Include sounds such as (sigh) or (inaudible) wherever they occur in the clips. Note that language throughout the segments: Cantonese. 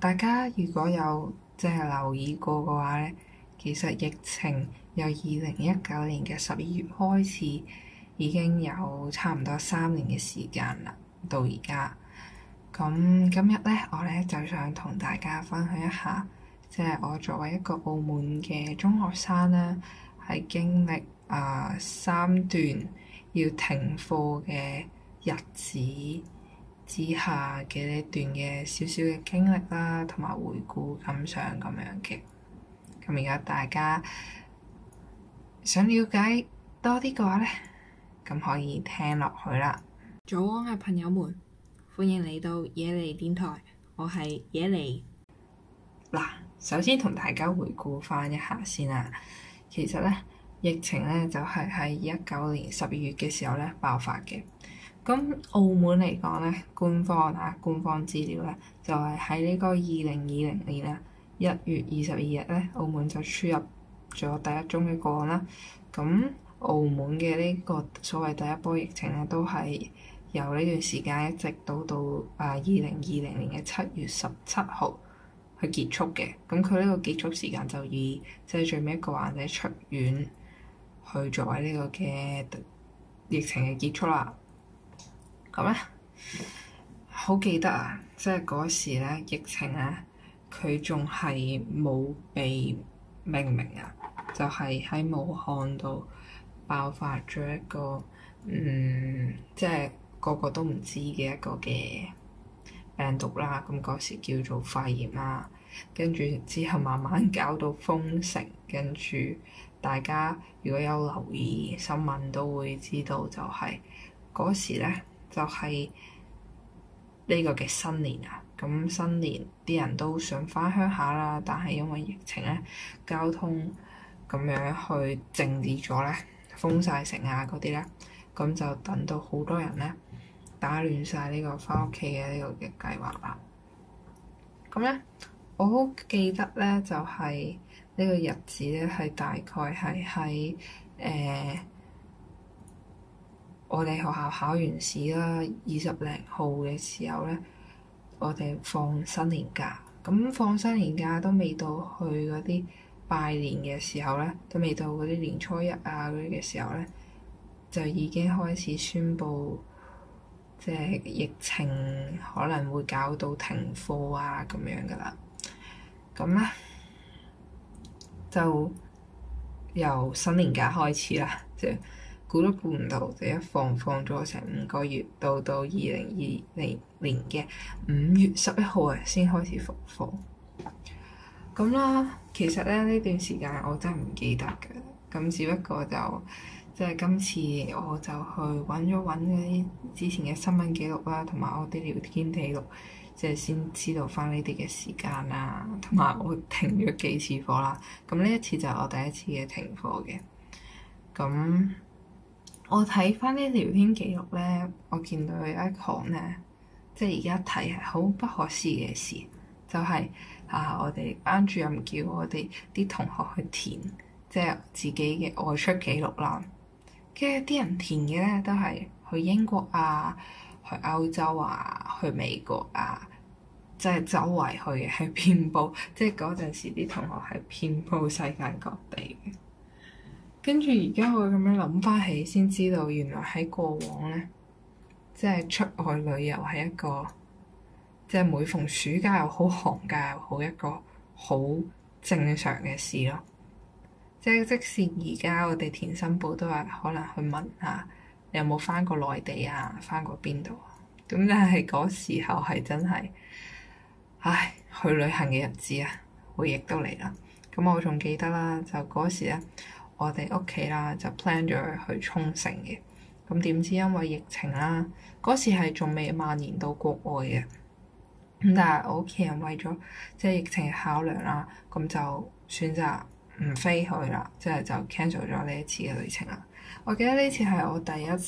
大家如果有即係留意過嘅話咧，其實疫情由二零一九年嘅十二月開始，已經有差唔多三年嘅時間啦，到而家。咁今日咧，我咧就想同大家分享一下，即係我作為一個澳門嘅中學生咧，係經歷啊、呃、三段要停課嘅日子。之下嘅呢段嘅少少嘅經歷啦，同埋回顧感想咁樣嘅。咁而家大家想了解多啲嘅話咧，咁可以聽落去啦。早安呀，朋友們，歡迎嚟到野尼電台，我係野尼。嗱，首先同大家回顧返一下先啦。其實咧，疫情咧就係喺一九年十二月嘅時候咧爆發嘅。咁澳門嚟講咧，官方啊，官方資料咧，就係、是、喺呢個二零二零年啊一月二十二日咧，澳門就輸入咗第一宗嘅個案啦。咁澳門嘅呢個所謂第一波疫情咧，都係由呢段時間一直到到啊二零二零年嘅七月十七號去結束嘅。咁佢呢個結束時間就以即係、就是、最尾一個患者出院去作為呢個嘅疫情嘅結束啦。係咩？好記得啊！即係嗰時咧，疫情啊，佢仲係冇被命名啊，就係喺武漢度爆發咗一個嗯，即係個個都唔知嘅一個嘅病毒啦。咁嗰時叫做肺炎啦，跟住之後慢慢搞到封城，跟住大家如果有留意新聞，都會知道就係嗰時咧。就係呢個嘅新年啊！咁新年啲人都想翻鄉下啦，但係因為疫情咧，交通咁樣去靜止咗咧，封晒城啊嗰啲咧，咁就等到好多人咧，打亂晒呢個翻屋企嘅呢個嘅計劃啦。咁咧，我好記得咧，就係呢個日子咧，係大概係喺誒。我哋學校考完試啦，二十零號嘅時候咧，我哋放新年假。咁放新年假都未到去嗰啲拜年嘅時候咧，都未到嗰啲年初一啊嗰啲嘅時候咧，就已經開始宣布，即係疫情可能會搞到停課啊咁樣噶啦。咁咧就由新年假開始啦，即係。估都估唔到，就一放放咗成五個月，到到二零二零年嘅五月十一號啊，先開始復課。咁啦，其實咧呢段時間我真係唔記得嘅，咁只不過就即係、就是、今次我就去揾咗揾嗰啲之前嘅新聞記錄啦，同埋我啲聊天記錄，即係先知道翻呢啲嘅時間啦，同埋我停咗幾次課啦。咁呢一次就係我第一次嘅停課嘅，咁。我睇翻啲聊天記錄咧，我見到有一行咧，即係而家睇係好不可思議嘅事，就係啊，我哋班主任叫我哋啲同學去填即係自己嘅外出記錄啦。跟住啲人填嘅咧，都係去英國啊、去歐洲啊、去美國啊，即係周圍去嘅，係遍布，即係嗰陣時啲同學係遍布世界各地。跟住而家我咁樣諗翻起，先知道原來喺過往咧，即係出去旅遊係一個即係每逢暑假又好，寒假又好，一個好正常嘅事咯。即係即使而家我哋填新報都係可能去問下你有冇翻過內地啊，翻過邊度啊？咁但係嗰時候係真係，唉，去旅行嘅日子啊，回憶都嚟啦。咁我仲記得啦，就嗰時啊。我哋屋企啦，就 plan 咗去沖繩嘅。咁點知因為疫情啦，嗰時係仲未蔓延到國外嘅。咁但係我屋企人為咗即係疫情嘅考量啦，咁就選擇唔飛去啦，即係就 cancel 咗呢一次嘅旅程啦。我記得呢次係我第一次，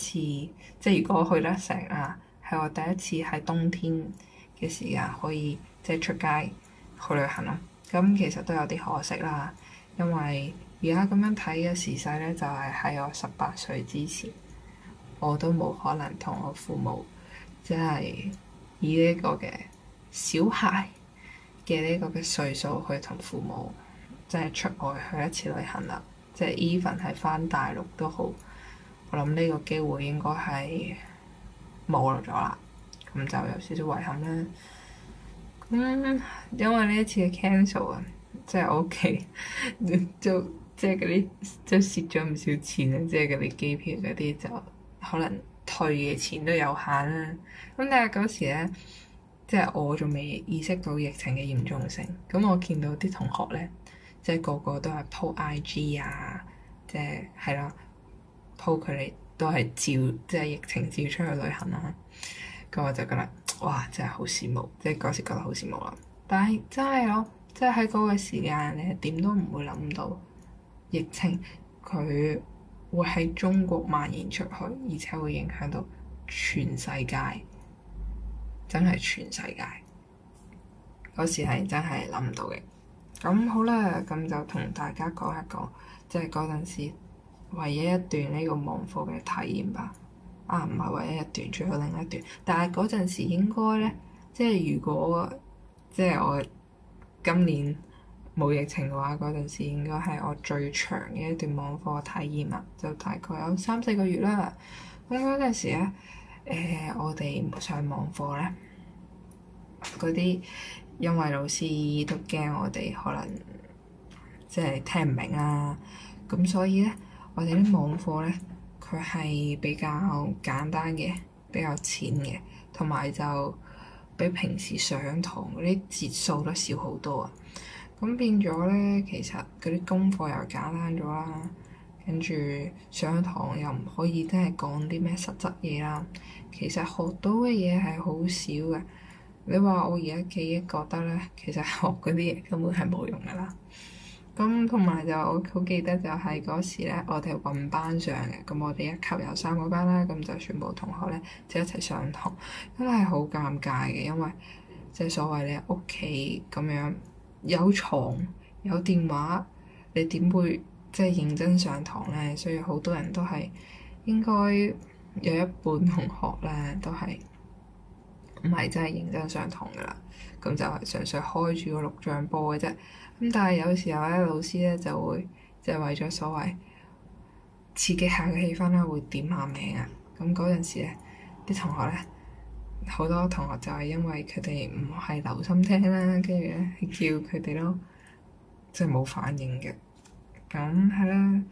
即係如果去得成啦，係我第一次喺冬天嘅時間可以即係、就是、出街去旅行咯。咁其實都有啲可惜啦，因為，而家咁樣睇嘅時勢咧，就係、是、喺我十八歲之前，我都冇可能同我父母，即係以呢個嘅小孩嘅呢個嘅歲數去同父母即係出外去，去一次旅行啦。即係 even 係返大陸都好，我諗呢個機會應該係冇落咗啦。咁就有少少遺憾啦。咁、嗯、因為呢一次嘅 cancel 啊，即係我屋企就～即係嗰啲，即係蝕咗唔少錢啊！即係嗰啲機票嗰啲就可能退嘅錢都有限啦。咁但係嗰時咧，即係我仲未意識到疫情嘅嚴重性。咁我見到啲同學咧，即係個個都係 po IG 啊，即係係啦 po 佢哋都係照即係疫情照出去旅行啦、啊。咁我就覺得哇，真係好羨慕，即係嗰時覺得好羨慕啦。但係真係咯，即係喺嗰個時間咧，點都唔會諗到。疫情佢會喺中國蔓延出去，而且會影響到全世界，真係全世界嗰時係真係諗唔到嘅。咁好啦，咁就同大家講一講，即係嗰陣時唯一一段呢個網課嘅體驗吧。啊，唔係唯一一段，仲有另一段。但係嗰陣時應該咧，即係如果即係我今年。冇疫情嘅話，嗰陣時應該係我最長嘅一段網課體驗啦，就大概有三四個月啦。咁嗰陣時咧，誒、呃、我哋上網課咧，嗰啲因為老師都驚我哋可能即係聽唔明啊，咁所以咧，我哋啲網課咧，佢係比較簡單嘅，比較淺嘅，同埋就比平時上堂嗰啲節數都少好多啊。咁變咗咧，其實嗰啲功課又簡單咗啦，跟住上堂又唔可以真係講啲咩實質嘢啦。其實學到嘅嘢係好少嘅。你話我而家記憶覺得咧，其實學嗰啲嘢根本係冇用噶啦。咁同埋就我好記得就係嗰時咧，我哋混班上嘅。咁我哋一級有三個班啦，咁就全部同學咧就一齊上堂，真係好尷尬嘅，因為即係所謂咧屋企咁樣。有床有電話，你點會即係認真上堂咧？所以好多人都係應該有一半同學咧都係唔係真係認真上堂噶啦，咁就係純粹開住個錄像播嘅啫。咁但係有時候咧，老師咧就會即係、就是、為咗所謂刺激下嘅氣氛咧，會點下名啊。咁嗰陣時咧啲同學咧。好多同學就係因為佢哋唔係留心聽啦，跟住咧叫佢哋咯，即係冇反應嘅。咁係啦，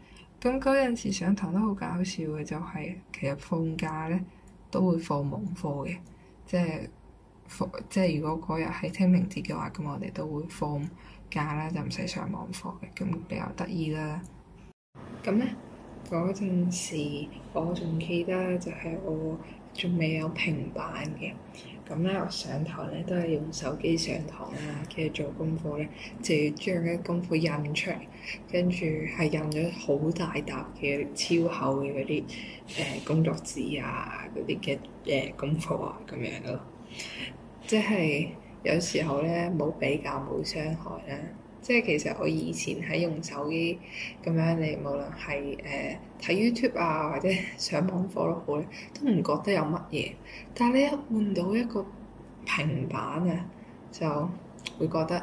咁嗰陣時上堂都好搞笑嘅、就係，就係其實放假咧都會放網課嘅，即係放即係如果嗰日係清明節嘅話，咁我哋都會放假啦，就唔使上網課嘅，咁比較得意啦。咁咧嗰陣時，我仲記得就係我。仲未有平板嘅，咁咧我上堂咧都係用手機上堂啦，跟住做功課咧就要將啲功課印出嚟，跟住係印咗好大沓嘅超厚嘅嗰啲誒工作紙啊，嗰啲嘅誒功課啊咁樣咯，即係有時候咧冇比較冇傷害啦。即係其實我以前喺用手機咁樣，你無論係誒睇、呃、YouTube 啊，或者上網課都好咧，都唔覺得有乜嘢。但係你一換到一個平板啊，就會覺得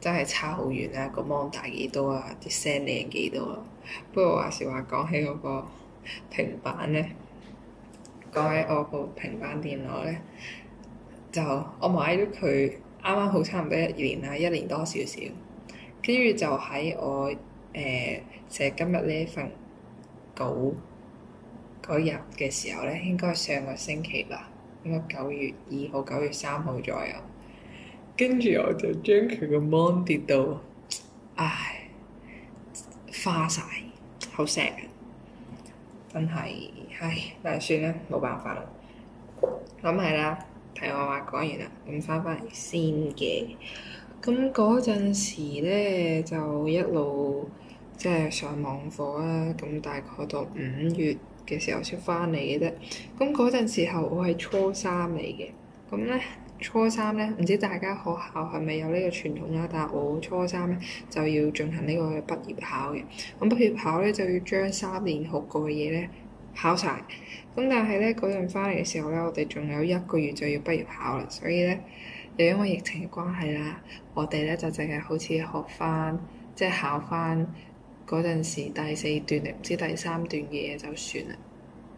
真係差好遠啦，啊！個螢幕大幾多啊，啲聲靚幾多啊。不過話時話講起嗰個平板咧，講起我部平板電腦咧，就我買咗佢，啱啱好差唔多一年啦，一年多少少，跟住就喺我誒寫、呃、今日呢份稿嗰日嘅時候咧，應該上個星期吧，應該九月二號、九月三號左右，跟住 (laughs) 我就將佢個 mon 跌到， (laughs) 唉，花晒，好 sad，真係，唉，但係算啦，冇辦法啦，咁係啦。睇我話講完啦，咁翻返嚟先嘅。咁嗰陣時咧，就一路即係、就是、上網課啦。咁大概到五月嘅時候先翻嚟嘅啫。咁嗰陣時候我係初三嚟嘅。咁咧，初三咧，唔知大家學校係咪有呢個傳統啦、啊？但係我初三咧就要進行呢個畢業考嘅。咁畢業考咧就要將三年學過嘅嘢咧。考晒，咁，但係咧嗰陣翻嚟嘅時候咧，我哋仲有一個月就要畢業考啦，所以咧又因為疫情嘅關係啦，我哋咧就淨係好似學翻即係考翻嗰陣時第四段定唔知第三段嘅嘢就算啦，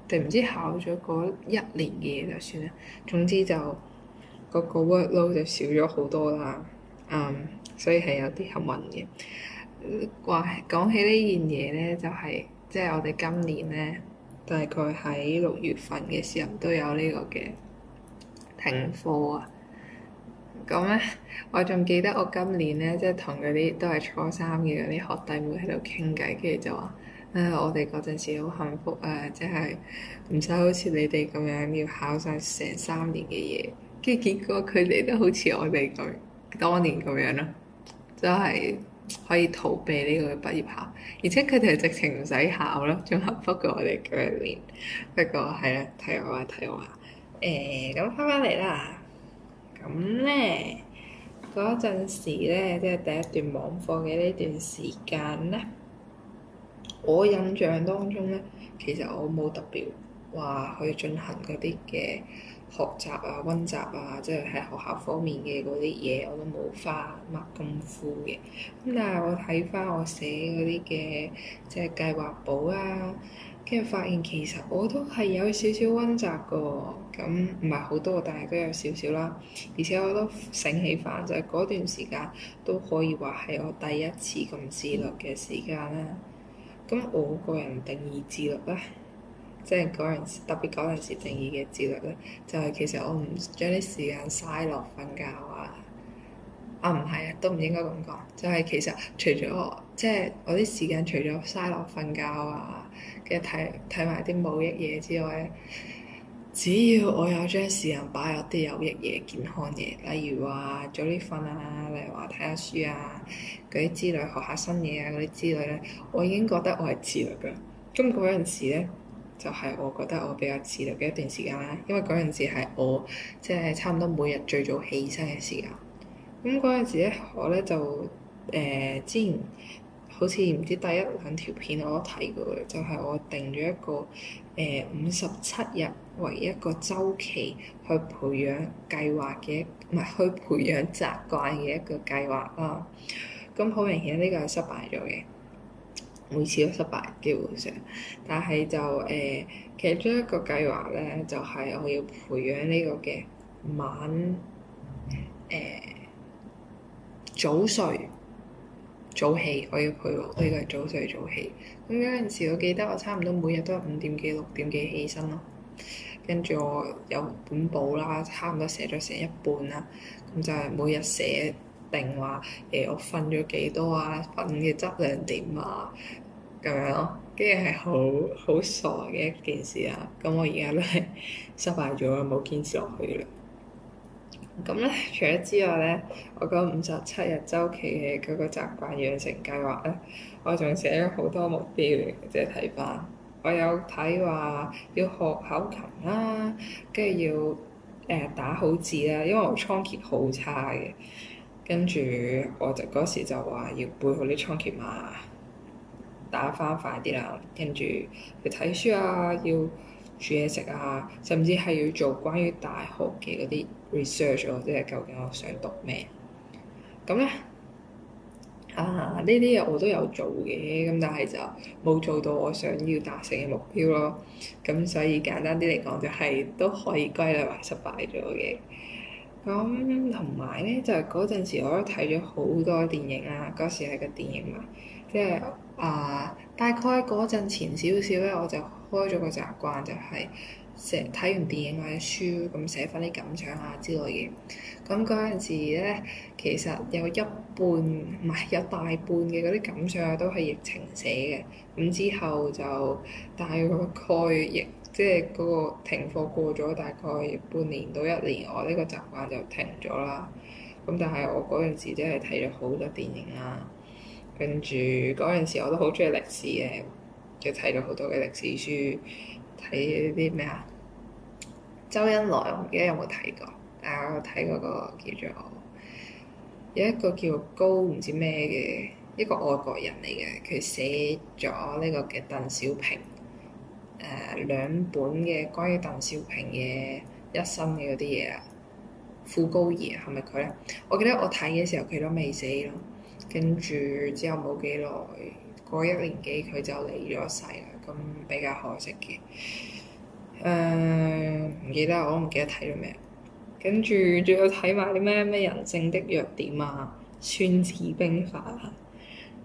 定唔知考咗嗰一年嘅嘢就算啦。總之就嗰個 workload 就少咗好多啦。嗯，所以係有啲幸運嘅。話講起件呢件嘢咧，就係、是、即係我哋今年咧。大概喺六月份嘅時候都有呢個嘅停課啊。咁咧、嗯，我仲記得我今年咧，即係同嗰啲都係初三嘅嗰啲學弟妹喺度傾偈，跟住就話，唉、呃，我哋嗰陣時好幸福啊！即係唔使好似你哋咁樣要考晒成三年嘅嘢，跟住結果佢哋都好似我哋咁多年咁樣咯。就係可以逃避呢個畢業考，而且佢哋係直情唔使考咯，仲幸福過我哋嗰一年。不過係啊，睇我啊睇我啊，誒咁翻返嚟啦。咁咧，嗰陣時咧，即係第一段網課嘅呢段時間咧，我印象當中咧，其實我冇特別話去進行嗰啲嘅。學習啊、温習啊，即係喺學校方面嘅嗰啲嘢，我都冇花乜功夫嘅。咁但係我睇翻我寫嗰啲嘅即係計劃簿啊，跟住發現其實我都係有少少温習嘅，咁唔係好多，但係都有少少啦。而且我都醒起翻，就係嗰段時間都可以話係我第一次咁自律嘅時間啦。咁我個人定義自律咧？即係嗰陣時，特別嗰陣時定義嘅自律咧，就係、是、其實我唔將啲時間嘥落瞓覺啊。啊，唔係啊，都唔應該咁講。就係、是、其實除咗即係我啲時間，除咗嘥落瞓覺啊跟住睇睇埋啲冇益嘢之外咧，只要我有將時間擺入啲有益嘢、健康嘢，例如話早啲瞓啊，例如話睇下書啊，嗰啲之類，學下新嘢啊嗰啲之類咧，我已經覺得我係自律㗎。咁嗰陣時咧。就係我覺得我比較自律嘅一段時間啦，因為嗰陣時係我即係、就是、差唔多每日最早起身嘅時間。咁嗰陣時咧，我咧就誒、呃、之前好似唔知第一兩條片我都睇過嘅，就係、是、我定咗一個誒五十七日為一個週期去培養計劃嘅，唔係去培養習慣嘅一個計劃啦。咁、嗯、好明顯呢個係失敗咗嘅。每次都失敗，基本上，但係就誒、呃，其中一個計劃咧，就係、是、我要培養呢個嘅晚誒、呃、早睡早起，我要培養呢、這個早睡早起。咁有陣時，我記得我差唔多每日都係五點幾、六點幾起身咯，跟住我有本簿啦，差唔多寫咗成一半啦，咁就係每日寫。定話誒，我瞓咗幾多啊？瞓嘅質量點啊？咁樣咯，跟住係好好傻嘅一件事啊。咁我而家都係失敗咗，冇堅持落去啦。咁咧，除咗之外咧，我嗰五十七日週期嘅嗰個習慣養成計劃咧，我仲寫咗好多目標嚟，即係睇翻，我有睇話要學口琴啦，跟住要誒打好字啦，因為我倉頡好差嘅。跟住我就嗰時就話要背好啲倉頡碼，打翻快啲啦。跟住要睇書啊，要煮嘢食啊，甚至係要做關於大學嘅嗰啲 research 啊，即係究竟我想讀咩？咁咧啊，呢啲嘢我都有做嘅，咁但係就冇做到我想要達成嘅目標咯。咁所以簡單啲嚟講，就係都可以歸類為失敗咗嘅。咁同埋呢，就嗰、是、陣時我都睇咗好多電影啦。嗰時係個電影嘛，即係啊，大概嗰陣前少少呢，我就開咗個習慣，就係成日睇完電影啊、書咁寫翻啲感想啊之類嘅。咁嗰陣時呢，其實有一半唔係有大半嘅嗰啲感想都係疫情寫嘅。咁之後就大概抗疫。即係嗰個停課過咗大概半年到一年，我呢個習慣就停咗啦。咁但係我嗰陣時真係睇咗好多電影啦，跟住嗰陣時我都好鍾意歷史嘅，就睇咗好多嘅歷史書，睇啲咩啊？周恩來我唔記得有冇睇過，但係我睇嗰個叫做有一個叫高唔知咩嘅一個外國人嚟嘅，佢寫咗呢個嘅鄧小平。誒、uh, 兩本嘅關於鄧小平嘅一生嘅嗰啲嘢啊，傅高義係咪佢咧？我記得我睇嘅時候佢都未死咯，跟住之後冇幾耐，過一年幾佢就離咗世啦，咁比較可惜嘅。誒、uh, 唔記得我唔記得睇咗咩，跟住仲有睇埋啲咩咩人性的弱點啊、孫子兵法啊，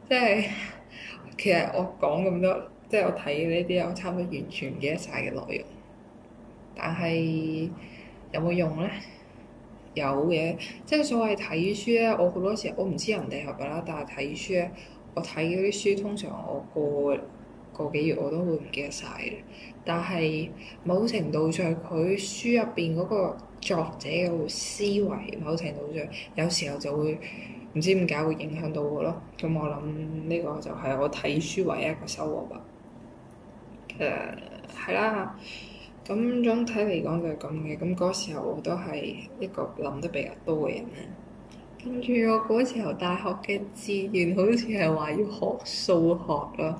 即係其實我講咁多。即係我睇呢啲，我差唔多完全唔記得晒嘅內容。但係有冇用呢？有嘅，即係所謂睇書咧。我好多時候我唔知人哋係咪啦，但係睇書咧，我睇嗰啲書通常我過個幾月我都會唔記得晒嘅。但係某程度上，佢書入邊嗰個作者嘅思維，某程度上有時候就會唔知點解會影響到我咯。咁我諗呢個就係我睇書唯一嘅收穫啦。誒係啦，咁、嗯、總體嚟講就係咁嘅。咁嗰時候我都係一個諗得比較多嘅人啦。跟住我嗰時候大學嘅志願好似係話要學數學咯，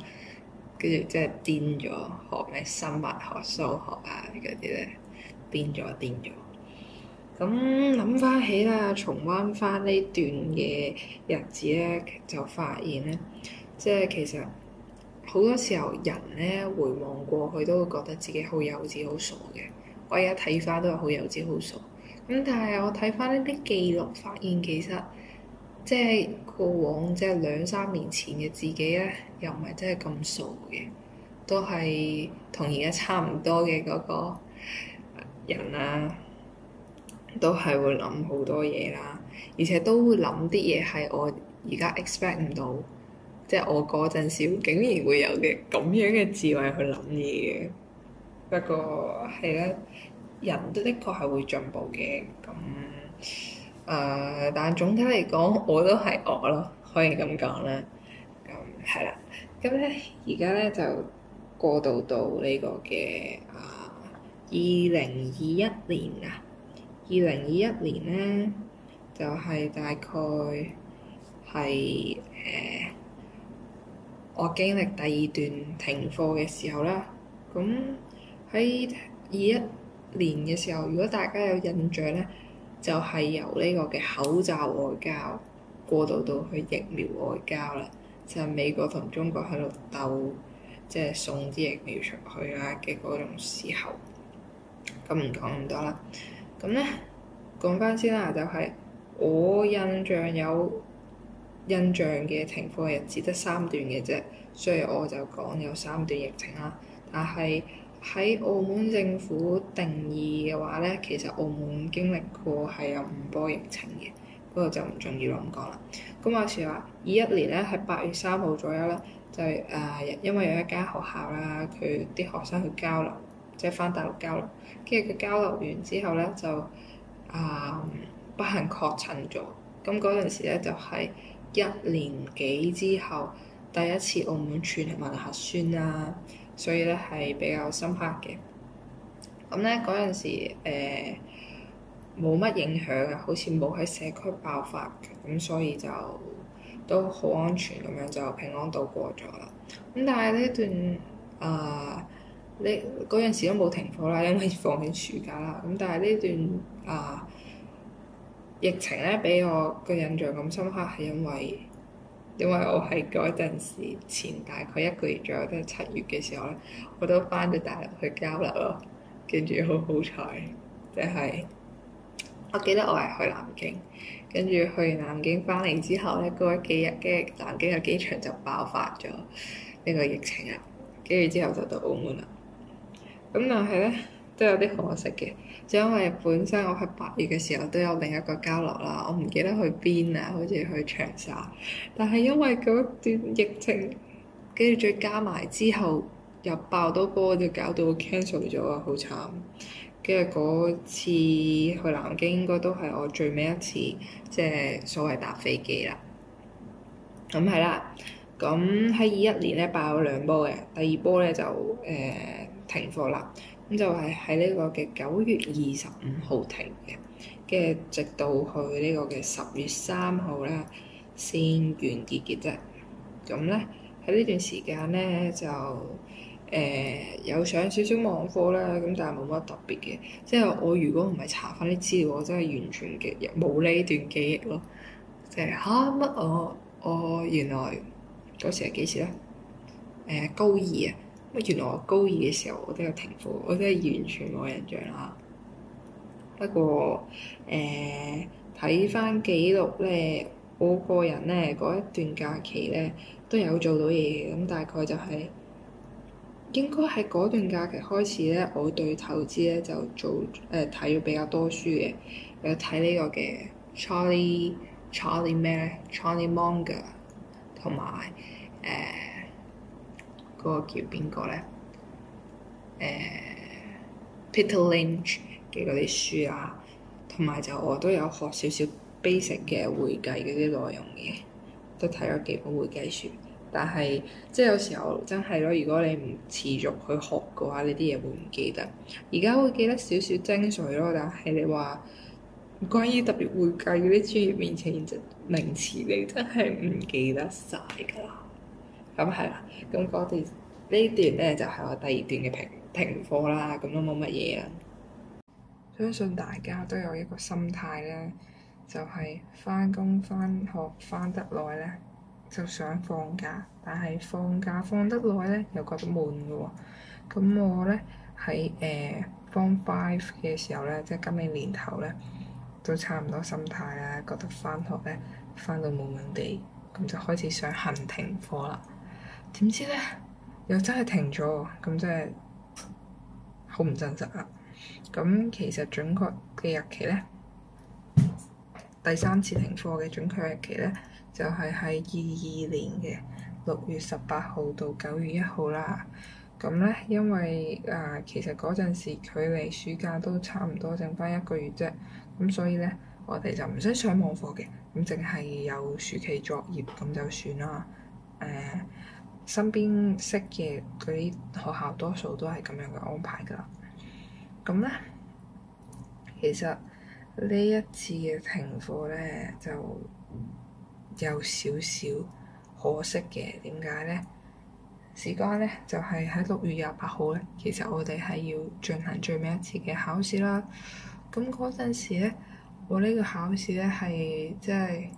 跟住即係癲咗，學咩生物學、數學啊嗰啲咧，癲咗癲咗。咁諗翻起啦，重溫翻呢段嘅日子咧，就發現咧，即係其實。好多時候人呢，人咧回望過去都會覺得自己好幼稚、好傻嘅。我而家睇翻都係好幼稚、好傻。咁但係我睇翻呢啲記錄，發現其實即係、就是、過往即係、就是、兩三年前嘅自己咧，又唔係真係咁傻嘅，都係同而家差唔多嘅嗰個人啦、啊。都係會諗好多嘢啦，而且都會諗啲嘢係我而家 expect 唔到。即係我嗰陣時，竟然會有嘅咁樣嘅智慧去諗嘢嘅。不過係啦，人都的確係會進步嘅。咁誒、呃，但係總體嚟講，我都係我咯，可以咁講啦。咁係啦，咁咧而家咧就過渡到呢個嘅啊，二零二一年啊，二零二一年咧就係、係、大概係誒。呃我經歷第二段停課嘅時候啦，咁喺二一年嘅時候，如果大家有印象呢，就係由呢個嘅口罩外交過渡到去疫苗外交啦，就係美國同中國喺度鬥，即係送啲疫苗出去啊嘅嗰種時候。咁唔講咁多啦，咁呢講翻先啦，就係我印象有。印象嘅情況係只得三段嘅啫，所以我就講有三段疫情啦。但係喺澳門政府定義嘅話呢，其實澳門經歷過係有五波疫情嘅，嗰個就唔重要咯，唔講啦。咁有時話二一年呢喺八月三號左右咧，就誒、呃、因為有一間學校啦，佢啲學生去交流，即係返大陸交流，跟住佢交流完之後呢，就啊、呃、不幸確診咗。咁嗰陣時咧就係、是。一年幾之後，第一次澳門全民核酸啦，所以咧係比較深刻嘅。咁咧嗰陣時，誒冇乜影響啊，好似冇喺社區爆發嘅，咁所以就都好安全咁樣就平安度過咗啦。咁、嗯、但係呢段啊，呢嗰陣時都冇停課啦，因為放緊暑假啦。咁但係呢段啊～、呃疫情咧俾我個印象咁深刻係因為，因為我喺嗰陣時前大概一個月左右，都係七月嘅時候咧，我都翻咗大陸去交流咯，跟住好好彩，即係，我記得我係去南京，跟住去南京翻嚟之後咧，過咗幾日嘅南京嘅機場就爆發咗呢個疫情啊，跟住之後就到澳門啦，咁但係咧都有啲可惜嘅。因為本身我喺八月嘅時候都有另一個交流啦，我唔記得去邊啊，好似去長沙，但係因為嗰段疫情，跟住再加埋之後又爆多波，就搞到我 cancel 咗啊，好慘！跟住嗰次去南京應該都係我最尾一次，即、就、係、是、所謂搭飛機啦。咁係啦，咁喺二一年咧爆咗兩波嘅，第二波咧就誒、呃、停課啦。咁就係喺呢個嘅九月二十五號停嘅，跟住直到去個呢個嘅十月三號咧先完結嘅啫。咁咧喺呢段時間咧就誒、呃、有上少少網課啦。咁但係冇乜特別嘅。即係我如果唔係查翻啲資料，我真係完全嘅冇呢段記憶咯。即係嚇乜？我我原來嗰時係幾時咧？誒、呃、高二啊！原來我高二嘅時候我都有停課，我真係完全冇印象啦。不過誒，睇、呃、翻記錄咧，我個人咧嗰一段假期咧都有做到嘢嘅。咁大概就係、是、應該喺嗰段假期開始咧，我對投資咧就做誒睇咗比較多書嘅，有睇呢個嘅 Char Charlie、Charlie 咩咧、Charlie Munger 同埋誒。嗰個叫邊個咧？誒，uh，Peter Lynch 嘅嗰啲書啊，同埋就我都有學少少 basic 嘅會計嗰啲內容嘅，都睇咗幾本會計書。但係即係有時候真係咯，如果你唔持續去學嘅話，呢啲嘢會唔記，記得。而家會記得少少精髓咯，但係你話關於特別會計嗰啲專業面前嘅名詞，你真係唔記得晒㗎啦。咁係啦，咁嗰段呢段咧就係我第二段嘅停停課啦，咁都冇乜嘢啦。相信大家都有一個心態咧，就係翻工翻學翻得耐咧，就想放假，但係放假放得耐咧又覺得悶嘅喎。咁我咧喺誒 Form Five 嘅時候咧，即係今年年頭咧，都差唔多心態啦，覺得翻學咧翻到悶悶地，咁就開始想行停課啦。點知呢？又真係停咗喎！咁真係好唔真實啊！咁其實準確嘅日期呢，第三次停課嘅準確日期呢，就係喺二二年嘅六月十八號到九月一號啦。咁呢，因為啊、呃，其實嗰陣時距離暑假都差唔多，剩翻一個月啫。咁所以呢，我哋就唔使上網課嘅，咁淨係有暑期作業咁就算啦。誒、呃。身邊識嘅嗰啲學校，多數都係咁樣嘅安排噶。咁咧，其實呢一次嘅停課咧，就有少少可惜嘅。點解咧？事關咧，就係喺六月廿八號咧。其實我哋係要進行最尾一次嘅考試啦。咁嗰陣時咧，我呢個考試咧係真係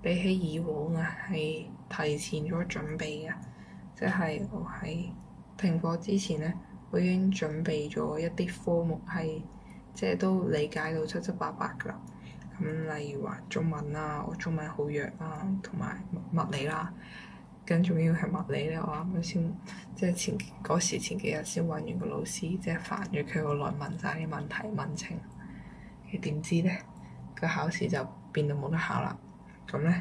比起以往啊，係提前咗準備嘅。即係我喺停課之前呢，我已經準備咗一啲科目係，即係都理解到七七八八㗎啦。咁例如話中文啦、啊，我中文好弱啊，同埋物理啦、啊，跟仲要係物理呢。我啱啱先即係前嗰時前幾日先揾完個老師，即係煩咗佢好耐問晒啲問題問清。你點知呢？個考試就變到冇得考啦。咁呢，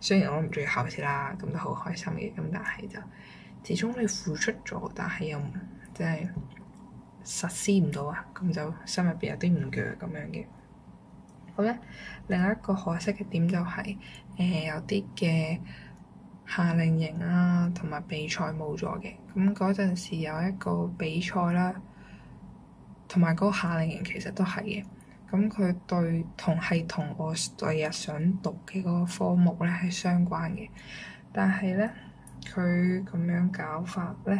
雖然我唔中意考試啦，咁都好開心嘅。咁但係就～始終你付出咗，但係又唔，即係實施唔到啊，咁就心入邊有啲唔夾咁樣嘅。好、嗯、咧，另外一個可惜嘅點就係、是、誒、呃、有啲嘅夏令營啊，同埋比賽冇咗嘅。咁嗰陣時有一個比賽啦，同埋嗰個夏令營其實都係嘅。咁佢對同係同我第日想讀嘅嗰個科目咧係相關嘅，但係咧。佢咁樣搞法咧，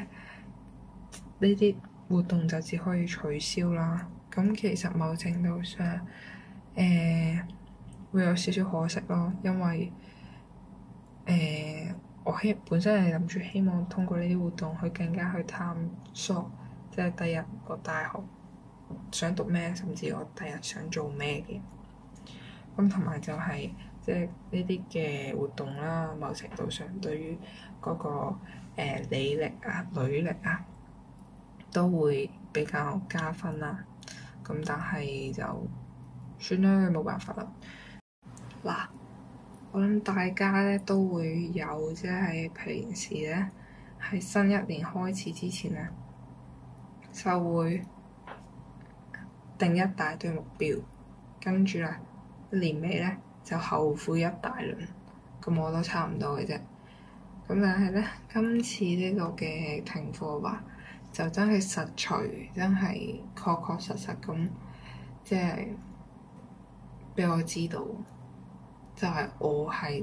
呢啲活動就只可以取消啦。咁其實某程度上，誒、欸、會有少少可惜咯，因為誒、欸、我希本身係諗住希望通過呢啲活動去更加去探索，即係第日個大學想讀咩，甚至我第日想做咩嘅。咁同埋就係即係呢啲嘅活動啦。某程度上，對於嗰個、誒、履歷啊、履歷啊，都會比較加分啦。咁但係就算啦，冇辦法啦。嗱，我諗大家咧都會有，即係平時咧喺新一年開始之前咧，就會定一大堆目標，跟住咧，年尾咧就後悔一大輪。咁我都差唔多嘅啫。咁就係咧，今次呢個嘅停課話，就真係實錘，真係確確實實咁，即係俾我知道，就係、是、我係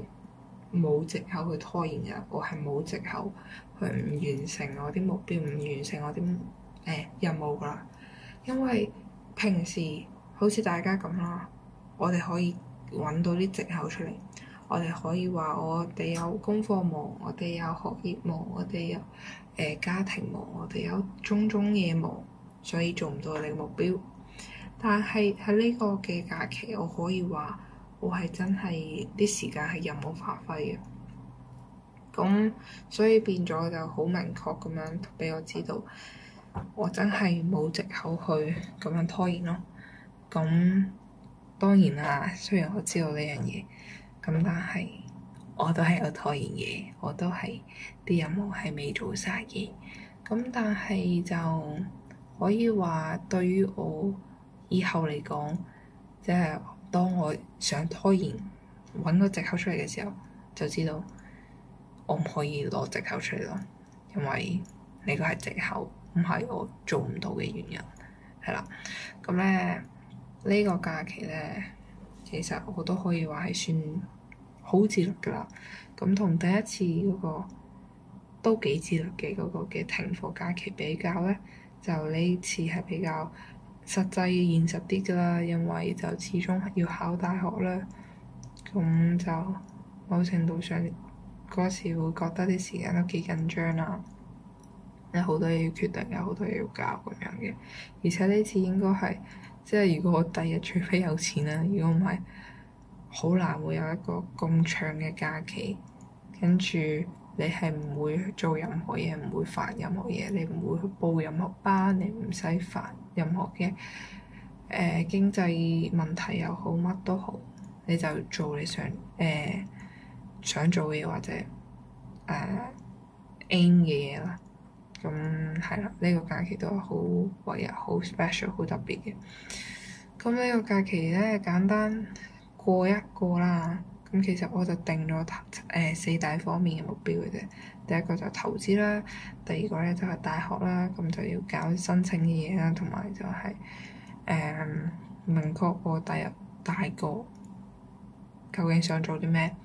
冇藉口去拖延嘅，我係冇藉口去唔完成我啲目標，唔完成我啲誒、哎、任務㗎喇。因為平時好似大家咁啦，我哋可以揾到啲藉口出嚟。我哋可以話，我哋有功課忙，我哋有學業忙，我哋有誒家庭忙，我哋有種種嘢忙，所以做唔到你嘅目標。但係喺呢個嘅假期，我可以話我係真係啲時間係任冇發揮嘅。咁所以變咗就好明確咁樣俾我知道，我真係冇藉口去咁樣拖延咯。咁當然啦，雖然我知道呢樣嘢。咁但係我都係有拖延嘅，我都係啲任務係未做晒嘅。咁但係就可以話，對於我以後嚟講，即係當我想拖延揾個藉口出嚟嘅時候，就知道我唔可以攞藉口出嚟咯，因為呢個係藉口，唔係我做唔到嘅原因，係啦。咁咧呢個假期咧～其實我都可以話係算好自律噶啦，咁同第一次嗰個都幾自律嘅嗰個嘅停課假期比較咧，就呢次係比較實際現實啲噶啦，因為就始終要考大學啦，咁就某程度上嗰時會覺得啲時間都幾緊張啦，有好多嘢要決定，有好多嘢要搞咁樣嘅，而且呢次應該係。即係如果我第日除非有錢啦，如果唔係，好難會有一個咁長嘅假期。跟住你係唔會做任何嘢，唔會煩任何嘢，你唔會去報任何班，你唔使煩任何嘅誒、呃、經濟問題又好，乜都好，你就做你想誒、呃、想做嘅嘢或者誒 any 嘢啦。呃咁係啦，呢、嗯這個假期都係好為人好 special、好 spe 特別嘅。咁、嗯、呢、這個假期咧，簡單過一個啦。咁、嗯、其實我就定咗誒、呃、四大方面嘅目標嘅啫。第一個就投資啦，第二個咧就係大學啦，咁就要搞申請嘅嘢啦，同埋就係、是、誒、嗯、明確我入大入大個究竟想做啲咩，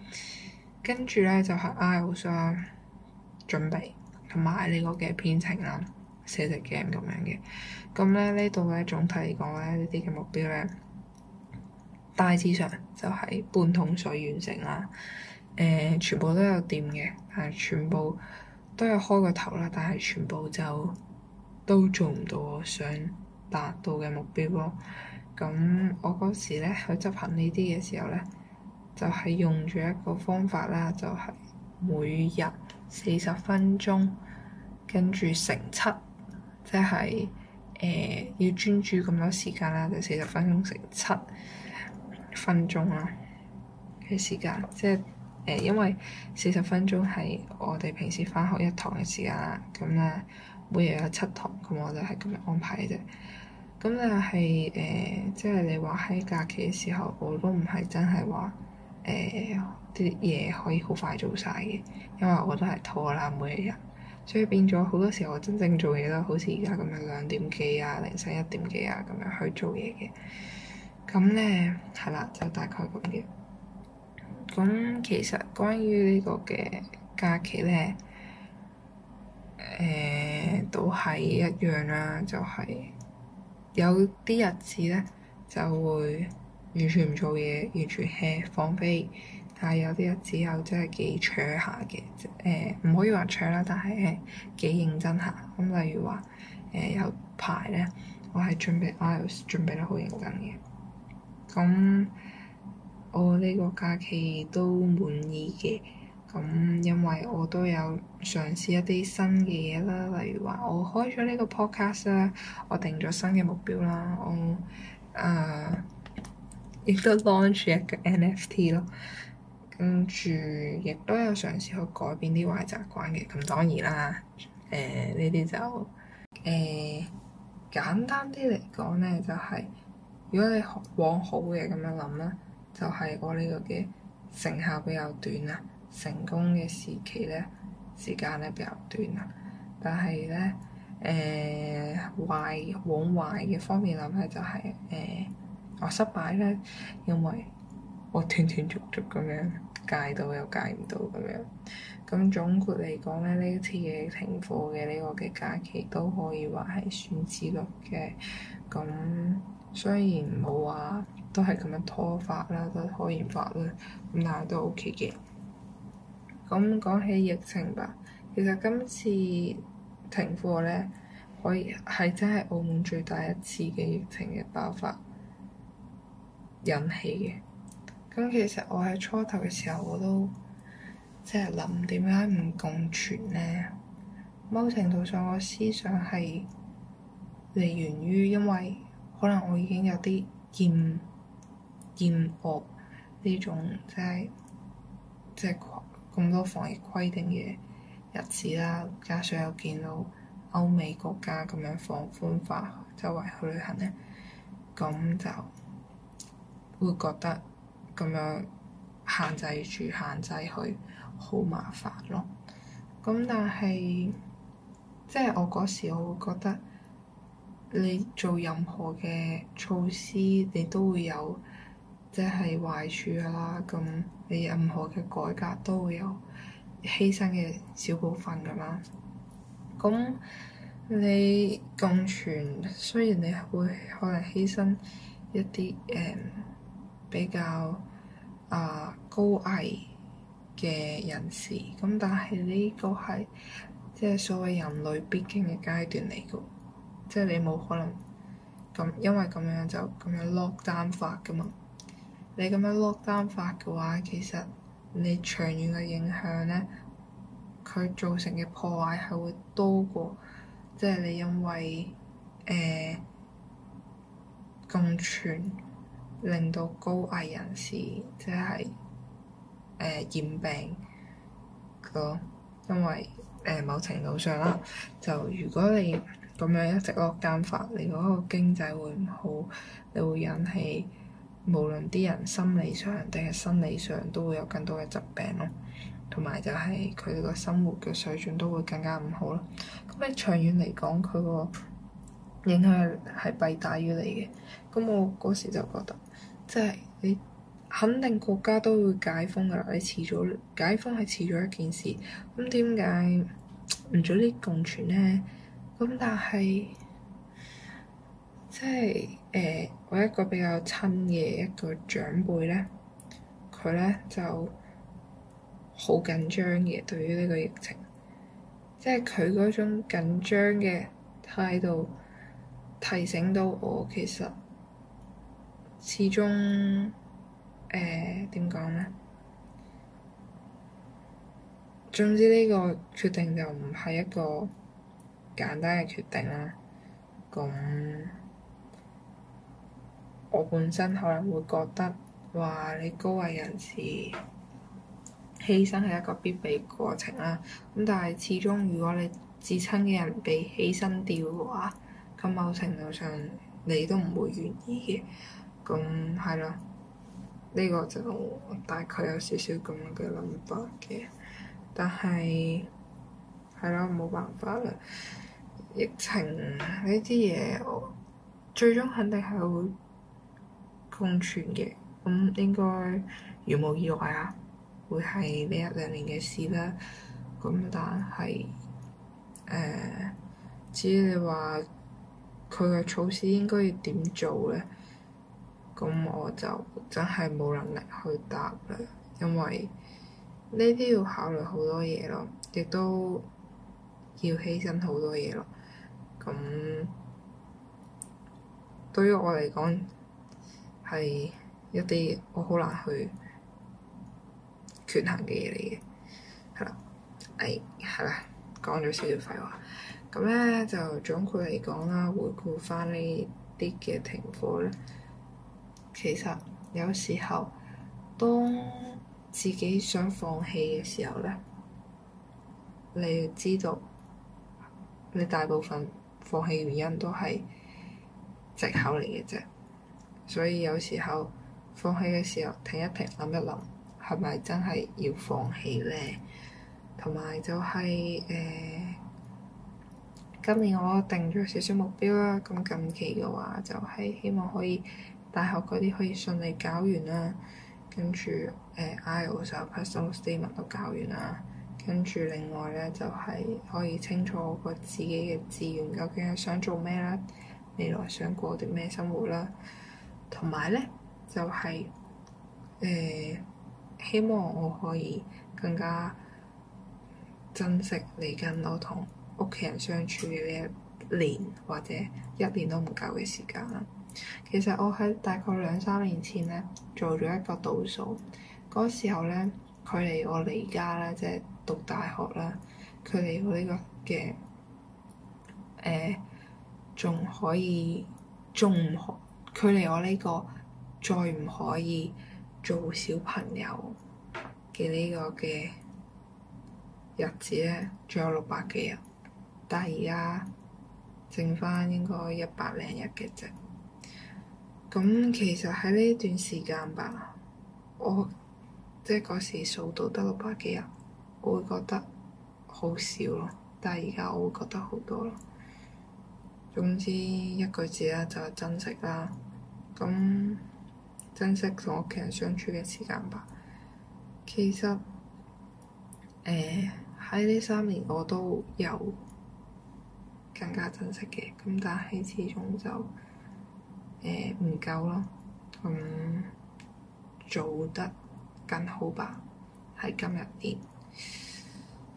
跟住咧就係、是、IELTS 啊準備。同埋你嗰嘅編程啦，寫隻 game 咁樣嘅，咁咧呢度咧總體嚟講咧呢啲嘅目標咧大致上就係半桶水完成啦，誒、呃、全部都有掂嘅，但係全部都有開個頭啦，但係全部就都做唔到我想達到嘅目標咯。咁我嗰時咧去執行呢啲嘅時候咧，就係、是、用咗一個方法啦，就係、是、每日。四十分鐘，跟住乘七，即係誒、呃、要專注咁多時間啦，就四、是、十分鐘乘七分鐘啦嘅時間，即係誒、呃，因為四十分鐘係我哋平時返學一堂嘅時間啦，咁咧每日有七堂，咁我就係咁樣安排嘅啫。咁咧係誒，即係你話喺假期嘅時候，我都唔係真係話誒、呃啲嘢可以好快做晒嘅，因為我覺得係拖啦每一日，所以變咗好多時候，我真正做嘢都好似而家咁樣兩點幾啊、凌晨一點幾啊咁樣去做嘢嘅。咁咧係啦，就大概咁嘅。咁、嗯、其實關於呢個嘅假期咧，誒、呃、都係一樣啦，就係、是、有啲日子咧就會完全唔做嘢，完全 hea 放飛。係有啲日子有真係幾 chur 下嘅，誒、呃、唔可以話 chur 啦，但係誒幾認真下。咁、嗯、例如話誒、呃、有排咧，我係準備 IELTS、啊、準備得好認真嘅。咁、嗯、我呢個假期都滿意嘅，咁、嗯、因為我都有嘗試一啲新嘅嘢啦。例如話我開咗呢個 podcast 啦，我定咗新嘅目標啦，我啊亦都 launch 一個 NFT 咯。跟住亦都有嘗試去改變啲壞習慣嘅，咁當然啦。誒呢啲就誒、呃、簡單啲嚟講呢，就係、是、如果你往好嘅咁樣諗啦，就係、是、我呢個嘅成效比較短啦，成功嘅時期呢，時間呢比較短啦。但係呢，誒、呃、壞往壞嘅方面諗呢，就係、是、誒、呃、我失敗呢，因為我斷斷續續咁樣。戒到又戒唔到咁樣，咁總括嚟講咧，呢次嘅停課嘅呢個嘅假期都可以話係算自律嘅。咁雖然冇話都係咁樣拖法啦，都可延發啦，咁但係都 O K 嘅。咁講起疫情吧，其實今次停課咧，可以係真係澳門最大一次嘅疫情嘅爆發引起嘅。咁其實我喺初頭嘅時候，我都即係諗點解唔共存呢？某程度上，我思想係嚟源於因為可能我已經有啲厭厭惡呢種即係即係咁多防疫規定嘅日子啦。加上又見到歐美國家咁樣放寬化，周圍去旅行咧，咁就會覺得。咁樣限制住、限制去，好麻煩咯。咁但係，即係我嗰時我會覺得，你做任何嘅措施，你都會有即係壞處噶啦。咁你任何嘅改革都會有犧牲嘅小部分噶啦。咁你共存，雖然你會可能犧牲一啲誒、嗯、比較。啊，uh, 高危嘅人士，咁但係呢個係即係所謂人類必經嘅階段嚟嘅，即係你冇可能咁，因為咁樣就咁樣 lockdown 法嘅嘛。你咁樣 lockdown 法嘅話，其實你長遠嘅影響咧，佢造成嘅破壞係會多過，即係你因為誒共存。呃令到高危人士即係誒染病個，因為誒、呃、某程度上啦， (laughs) 就如果你咁樣一直落監法，你嗰個經濟會唔好，你會引起無論啲人心理上定係生理上都會有更多嘅疾病咯，同埋就係佢哋個生活嘅水準都會更加唔好咯。咁你長遠嚟講，佢個影響係弊大於利嘅。咁我嗰時就覺得。即係你肯定國家都會解封噶啦，你遲早解封係遲早一件事。咁點解唔早啲共存呢？咁但係即係誒、呃、我一個比較親嘅一個長輩咧，佢咧就好緊張嘅對於呢個疫情，即係佢嗰種緊張嘅態度提醒到我其實。始終，誒點講咧？總之呢個決定就唔係一個簡單嘅決定啦。咁我本身可能會覺得話你高危人士犧牲係一個必備過程啦。咁但係始終，如果你至親嘅人被犧牲掉嘅話，咁某程度上你都唔會願意嘅。咁係咯，呢個就大概有少少咁嘅諗法嘅，但係係咯，冇辦法啦。疫情呢啲嘢，我最終肯定係會共存嘅。咁應該如無意外啊，會係呢一兩年嘅事啦。咁但係誒、呃，至於你話佢嘅措施應該要點做咧？咁我就真係冇能力去答啦，因為呢啲要考慮好多嘢咯，亦都要犧牲好多嘢咯。咁對於我嚟講係一啲我好難去權衡嘅嘢嚟嘅，係啦，誒係啦，講咗少少廢話。咁咧就總括嚟講啦，回顧返呢啲嘅停課咧。其實有時候，當自己想放棄嘅時候咧，你要知道，你大部分放棄原因都係藉口嚟嘅啫。所以有時候放棄嘅時候，停一停，諗一諗，係咪真係要放棄咧？同埋就係、是、誒、呃，今年我定咗少少目標啦。咁近期嘅話，就係希望可以，大學嗰啲可以順利搞完啦，跟住誒 IELTS、呃、TS, personal statement 都搞完啦，跟住另外咧就係、是、可以清楚個自己嘅志願究竟係想做咩啦，未來想過啲咩生活啦，同埋咧就係、是、誒、呃、希望我可以更加珍惜嚟緊我同屋企人相處嘅呢一年 (laughs) 或者一年都唔夠嘅時間啦。其實我喺大概兩三年前咧做咗一個倒數嗰，那個、時候咧，距離我離家咧即係讀大學啦，距離我呢個嘅誒仲可以，仲唔可距離我呢個再唔可以做小朋友嘅呢個嘅日子咧，仲有六百幾日，但係而家剩返應該一百零日嘅啫。咁其實喺呢段時間吧，我即係嗰時數到得六百幾日，我會覺得好少咯。但係而家我會覺得好多咯。總之一句字啦，就係珍惜啦。咁珍惜同屋企人相處嘅時間吧。其實，誒喺呢三年我都有更加珍惜嘅。咁但係始終就～誒唔夠咯，咁、呃嗯、做得更好吧，喺今日啲，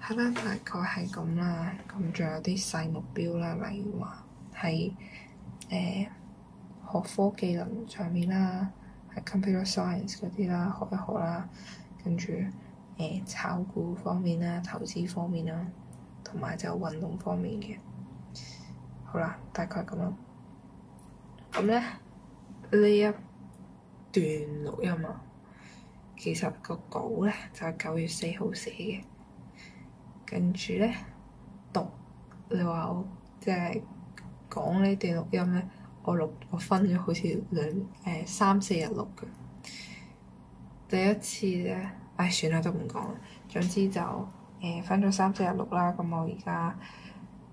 係啦，大概係咁啦，咁仲有啲細目標啦，例如話喺誒學科技能上面啦，係 computer science 嗰啲啦，學一學啦，跟住誒炒股方面啦，投資方面啦，同埋就運動方面嘅，好啦，大概咁咯。咁咧呢一段錄音啊，其實個稿咧就係、係、九月四號寫嘅，跟住咧讀你話我即係講呢段錄音咧，我錄我分咗好似兩誒三四日錄嘅，第一次咧，唉算啦都唔講啦。總之就誒、呃、分咗三四日錄啦，咁我而家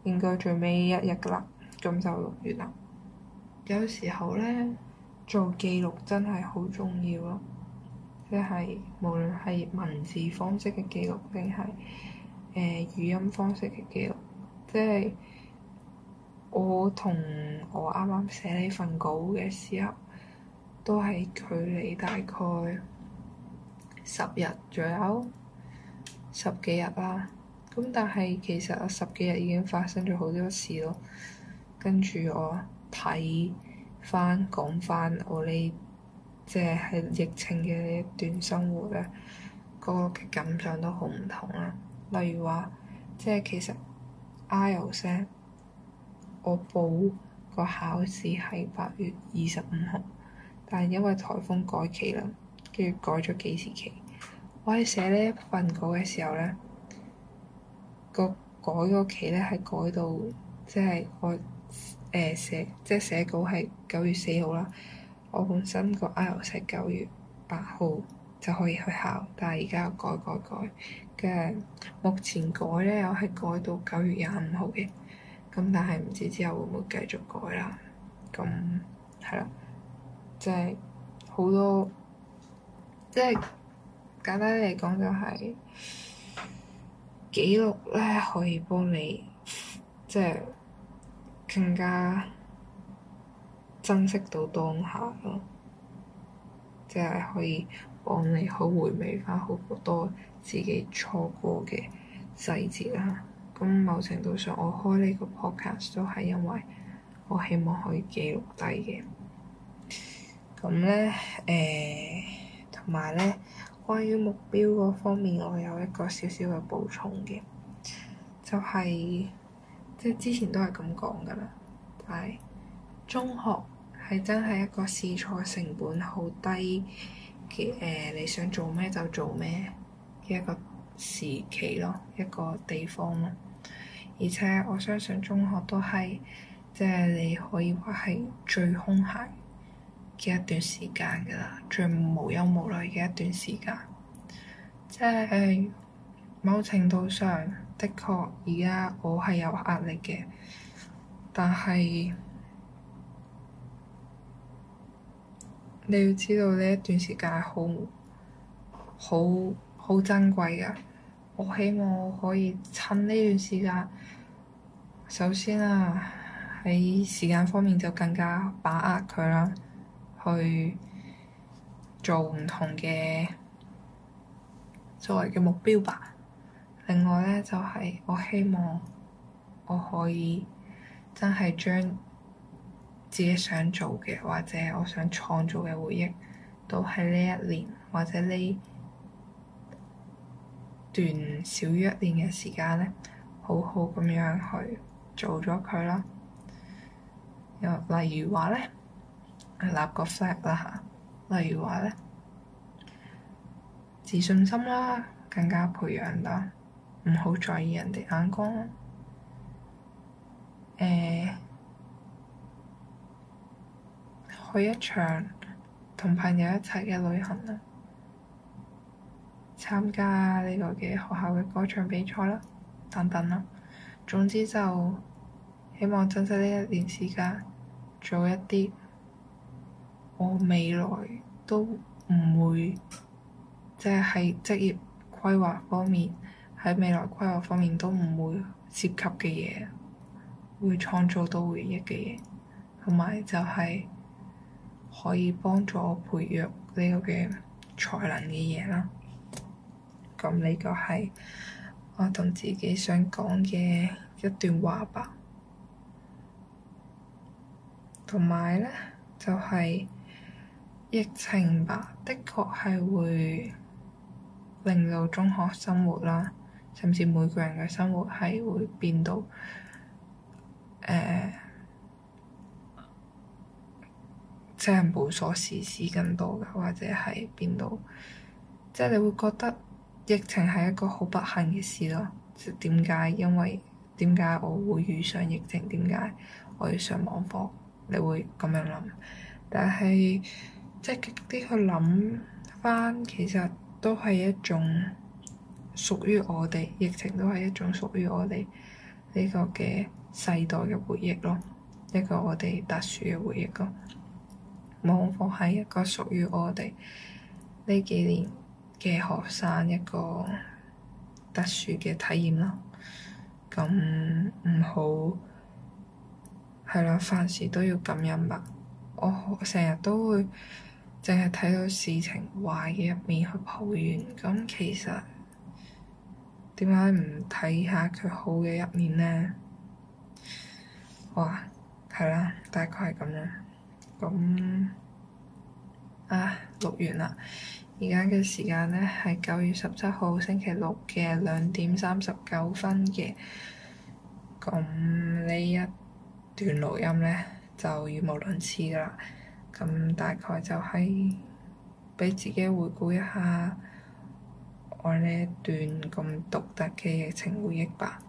應該最尾一日噶啦，咁就錄完啦。有時候咧，做記錄真係好重要咯。即係無論係文字方式嘅記錄，定係誒語音方式嘅記錄。即係我同我啱啱寫呢份稿嘅時候，都係距離大概十日左右，十幾日啦。咁但係其實十幾日已經發生咗好多事咯。跟住我。睇翻講翻我呢，即係喺疫情嘅呢一段生活咧，嗰、嗰個感想都好唔同啦。例如話，即係其實 IELTS，我報個考試係八月二十五號，但係因為颱風改期啦，跟住改咗幾次期。我喺寫呢一份稿嘅時候咧，嗰個改嗰期咧係改到即係我。誒、呃、寫即係寫稿係九月四號啦，我本身個 IELTS 係九月八號就可以去考，但係而家又改改改嘅，目前改咧又係改到九月廿五號嘅，咁但係唔知之後會唔會繼續改啦，咁係啦，即係好多，即係簡單嚟講就係、是、記錄咧可以幫你即係。更加珍惜到當下咯，即係可以幫你好回味翻好多自己錯過嘅細節啦。咁某程度上，我開呢個 podcast 都係因為我希望可以記錄低嘅。咁咧，誒、呃，同埋咧，關於目標嗰方面，我有一個小小嘅補充嘅，就係、是。即係之前都係咁講噶啦，但係中學係真係一個試錯成本好低嘅，誒、呃，你想做咩就做咩嘅一個時期咯，一個地方咯。而且我相信中學都係，即係你可以話係最空閒嘅一段時間噶啦，最無憂無慮嘅一段時間，即係某程度上。的確，而家我係有壓力嘅，但係你要知道呢一段時間係好好好珍貴嘅。我希望我可以趁呢段時間，首先啊，喺時間方面就更加把握佢啦，去做唔同嘅作為嘅目標吧。另外咧，就係我希望我可以真係將自己想做嘅，或者我想創造嘅回憶，都喺呢一年或者呢段少於一年嘅時間咧，好好咁樣去做咗佢啦。例如話咧，立個 flag 啦嚇，例如話咧，自信心啦，更加培養啦。唔好在意人哋眼光啦，呃，去一場同朋友一齊嘅旅行啦，參加呢個嘅學校嘅歌唱比賽啦，等等啦。總之就希望珍惜呢一段時間，做一啲我未來都唔會即係喺職業規劃方面。喺未來規劃方面都唔會涉及嘅嘢，會創造到回憶嘅嘢，同埋就係可以幫助我培養呢個嘅才能嘅嘢啦。咁呢個係我同自己想講嘅一段話吧。同埋咧，就係疫情吧，的確係會令到中學生活啦。甚至每個人嘅生活係會變到誒、呃，即係無所事事咁多嘅，或者係變到即係你會覺得疫情係一個好不幸嘅事咯。即點解？因為點解我會遇上疫情？點解我要上網課，你會咁樣諗，但係即係積極啲去諗翻，其實都係一種。屬於我哋，疫情都係一種屬於我哋呢個嘅世代嘅回憶咯，一個我哋特殊嘅回憶咯。網課係一個屬於我哋呢幾年嘅學生一個特殊嘅體驗咯。咁唔好係啦，凡事都要感恩吧。我成日都會淨係睇到事情壞嘅一面去抱怨，咁其實～點解唔睇下佢好嘅一面呢？哇，係啦，大概係咁啦。咁啊，錄完啦。而家嘅時間咧係九月十七號星期六嘅兩點三十九分嘅。咁呢一段錄音咧就語無倫次㗎啦。咁大概就係畀自己回顧一下。我呢一段咁獨特嘅疫情回憶吧。 (noise)